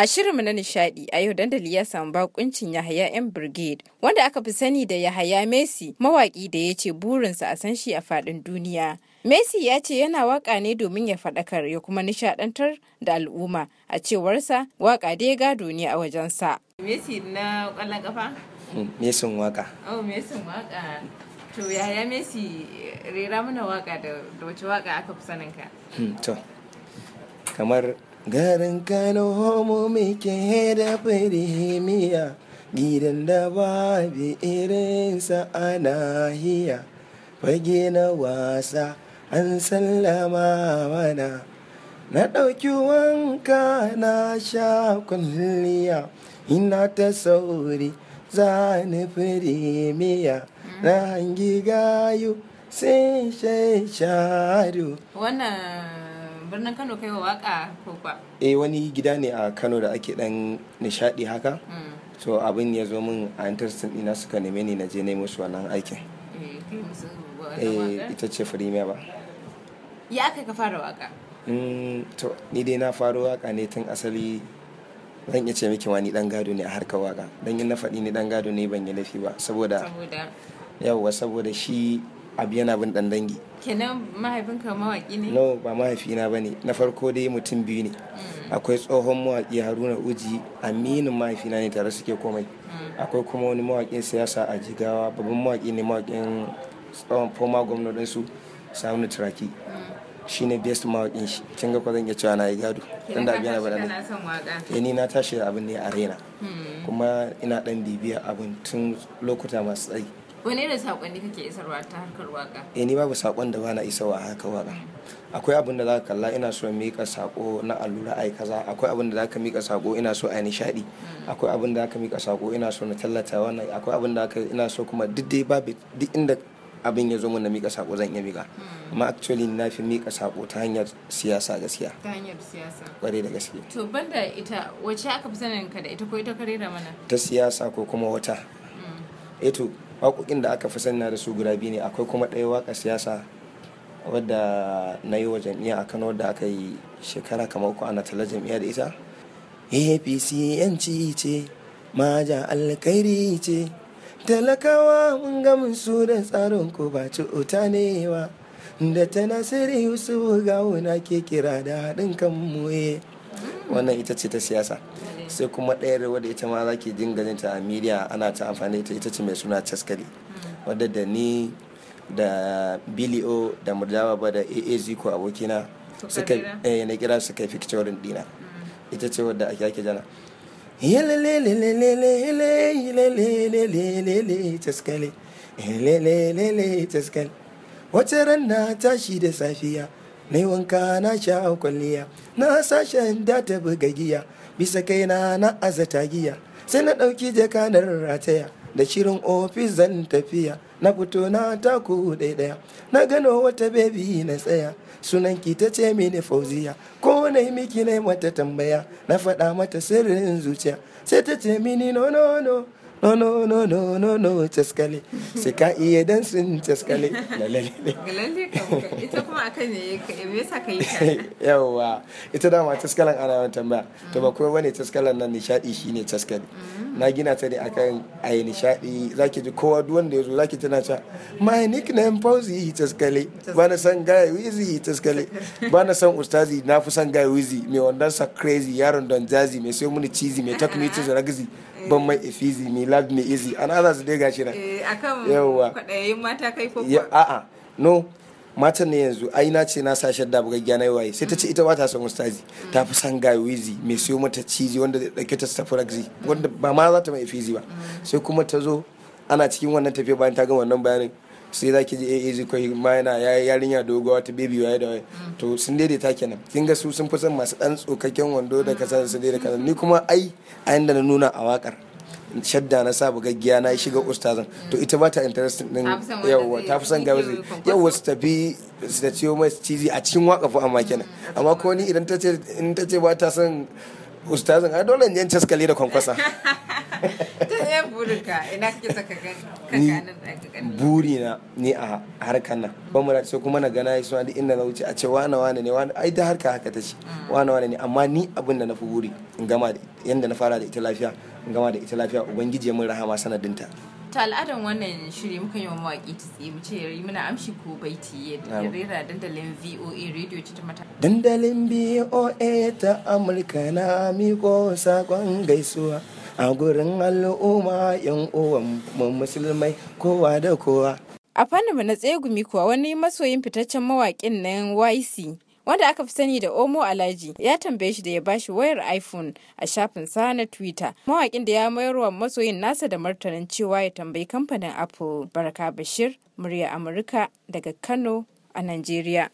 A shirinmu na nishadi a yau dandali ya samu bakuncin Yahaya M Brigade wanda aka fi sani da Yahaya Messi mawaki da ya ce burinsa a san shi a fadin duniya. Messi ya ce yana waka ne domin ya faɗakar ya kuma nishadantar da al'umma a cewarsa waka dai gado ne a wajensa. Messi na kwallon kafa? Mesin waka. Oh, Mesin waka. To Yahaya Messi rera mana waka da wace waka aka fi saninka? Hmm, to, kamar garin kano homo muke da firimiya gidan da irin sa ana hiya fage na wasa an sallama mana na ɗauki wanka na sha kulliya ina ta sauri za ni firimiya na hangi gayu sai shai birnin kano kai wa waka ko kwa eh wani gida ne a kano da ake dan nishadi haka so mm. abin ya zo min a interesting ina suka neme ni na je na musu wannan aikin eh, eh ita ce firimiya ba ya aka ka fara waka mm, to ni dai na faro waka ne tun asali zan iya ce miki wani dan gado ne a harkar waka dan in na faɗi ni dan gado ne ban yi laifi ba saboda yawwa saboda shi abu yana bin dan dangi kenan mahaifinka mawaki ne no ba mahaifina ba ne na farko dai mutum biyu ne mm. akwai tsohon mawaki haruna uji aminin mahaifina ne tare suke komai mm. akwai kuma wani mawakin siyasa a jigawa babban mawaki ne mawakin tsohon foma gwamnatin su sa'unu turaki mm. shi ne best mawakin shi kin ga zan iya cewa na yi gado dan da abin ba dan eh ni na tashi da abin ne a arena kuma ina dan bibiya abin tun lokuta masu tsayi wani saƙon saƙonni kake isarwa ta harkar waka eh ni babu saƙon da bana isarwa a harkar waka akwai abin da ka kalla ina so mika saƙo na allura ai kaza akwai abin da ka miƙa saƙo ina so ai nishaɗi. Hmm. akwai abin da ka mika saƙo ina so na tallata wannan akwai abin da ka ina so kuma duk dai babu duk inda abin ya zo mun na mika saƙo zan iya mika hmm. amma actually na fi mika saƙo ta hanyar siyasa gaskiya ta hanyar siyasa ƙwarai da gaske to banda ita wacce aka fi sanin ka da ita ko ita karera mana ta siyasa ko kuma wata hmm. eto eh waƙoƙin da aka fi sanya da su guda biyu ne akwai kuma ɗaya waƙa siyasa wadda na yi wa jam'iyya a kano wadda aka yi shekara kamar uku ana talla jam'iyya da ita apc yanci ce maja alkairi ce talakawa mun ga mun su da tsarin ku ba uta ne wa da ta nasiri yusuf na ke kira da haɗin kan muye eh. wannan ita ce ta siyasa sai kuma ɗaya rawa wadda ita ma za ki dinga jin ta a media ana ta amfani da ita ce mai suna caskali wadda da ni da bilio da murdawa ba da aaz ko abokina suka eh na kira suka yi fikcorin dina mm. ita ce wadda ake ake jana caskali wace ran na tashi da safiya na wanka na sha kwalliya na sashen da ta buga giya bisa kaina na azata giya sai na ɗauki jakanar rataya da shirin ofis zan tafiya na fito na taku ɗaya na gano wata bebi na tsaya sunan ki ta ce mini fauziya ko na yi miki na mata tambaya na faɗa mata sirrin zuciya sai ta ce mini no no no no no no no no taskale sai ka iya dansin taskale lalle ita kuma akan ne me yasa ka yi ta yawa ita dama taskalan ana yawan tambaya to ba kuma bane taskalan nan nishadi shine taskale na gina ta ne akan ayi nishadi zaki ji kowa duk wanda yazo zaki tana ta my nickname yi taskale ba na san guy wizi yi taskale ba na san ustazi na fi san guy wizi mai wanda sa crazy yaron don jazi mai sai muni cheesy mai takmitin ragazi ban mai efizi me love me easy and others dai gashi nan eh akan yawa kwadayin mata kai ko a no mata ne yanzu ai na ce na sa shadda buga gyana waye sai ta ce ita ba ta son ustazi mm. ta fi san ga wizi mai siyo mata cizi wanda da dauke ta stafraxi wanda ba ma za ta mai fizi ba mm. sai kuma ta zo ana cikin wannan tafiya bayan ta ga wannan bayanin sai za ki je AA zai kwai ma yana yarinya dogo ta baby waye da wai to sun ta kenan kin ga su sun fi son masu dan tsokakken wando da kasan su da kasan ni kuma ai a yanda na nuna a wakar shadda na sa gaggiya na shiga ustazan to ita ba ta interest din yawa ta fi son ga zai yawa su tafi su da ciyo mai cizi a cikin waka fa amma kenan amma ko ni idan ta ce ba ta son ustazan a dole yan caskale da kwankwasa ta burinka ina kake saka kan buri na ne a harkar nan ba mu sai kuma na gana suna duk inda na wuce a ce wane wane ne wane ai da harka haka ta ce mm. wane wane ne amma ni abin da na fi buri in gama yanda na fara da ita lafiya in gama da ita lafiya ubangiji mun rahama sanadinta ta al'adan wannan shiri muka yi wa mawaƙi ta tsaye mu ce yi muna amshi ko baiti ya rera dandalin VOA radio ta mata. Dandalin VOA ta Amurka na miko sakon gaisuwa. a gurin al'umma yan uwan musulmai kowa da kowa a fannin na tsegumi kuwa wani masoyin fitaccen mawaƙin nan YC wanda aka fi sani da Omo Alaji ya tambaye shi da ya bashi wayar iPhone a shafin sa na Twitter. mawaƙin da ya mayar wa masoyin nasa da martanin cewa ya tambayi kamfanin Apple. Baraka Bashir, murya Amurka daga Kano a Najeriya.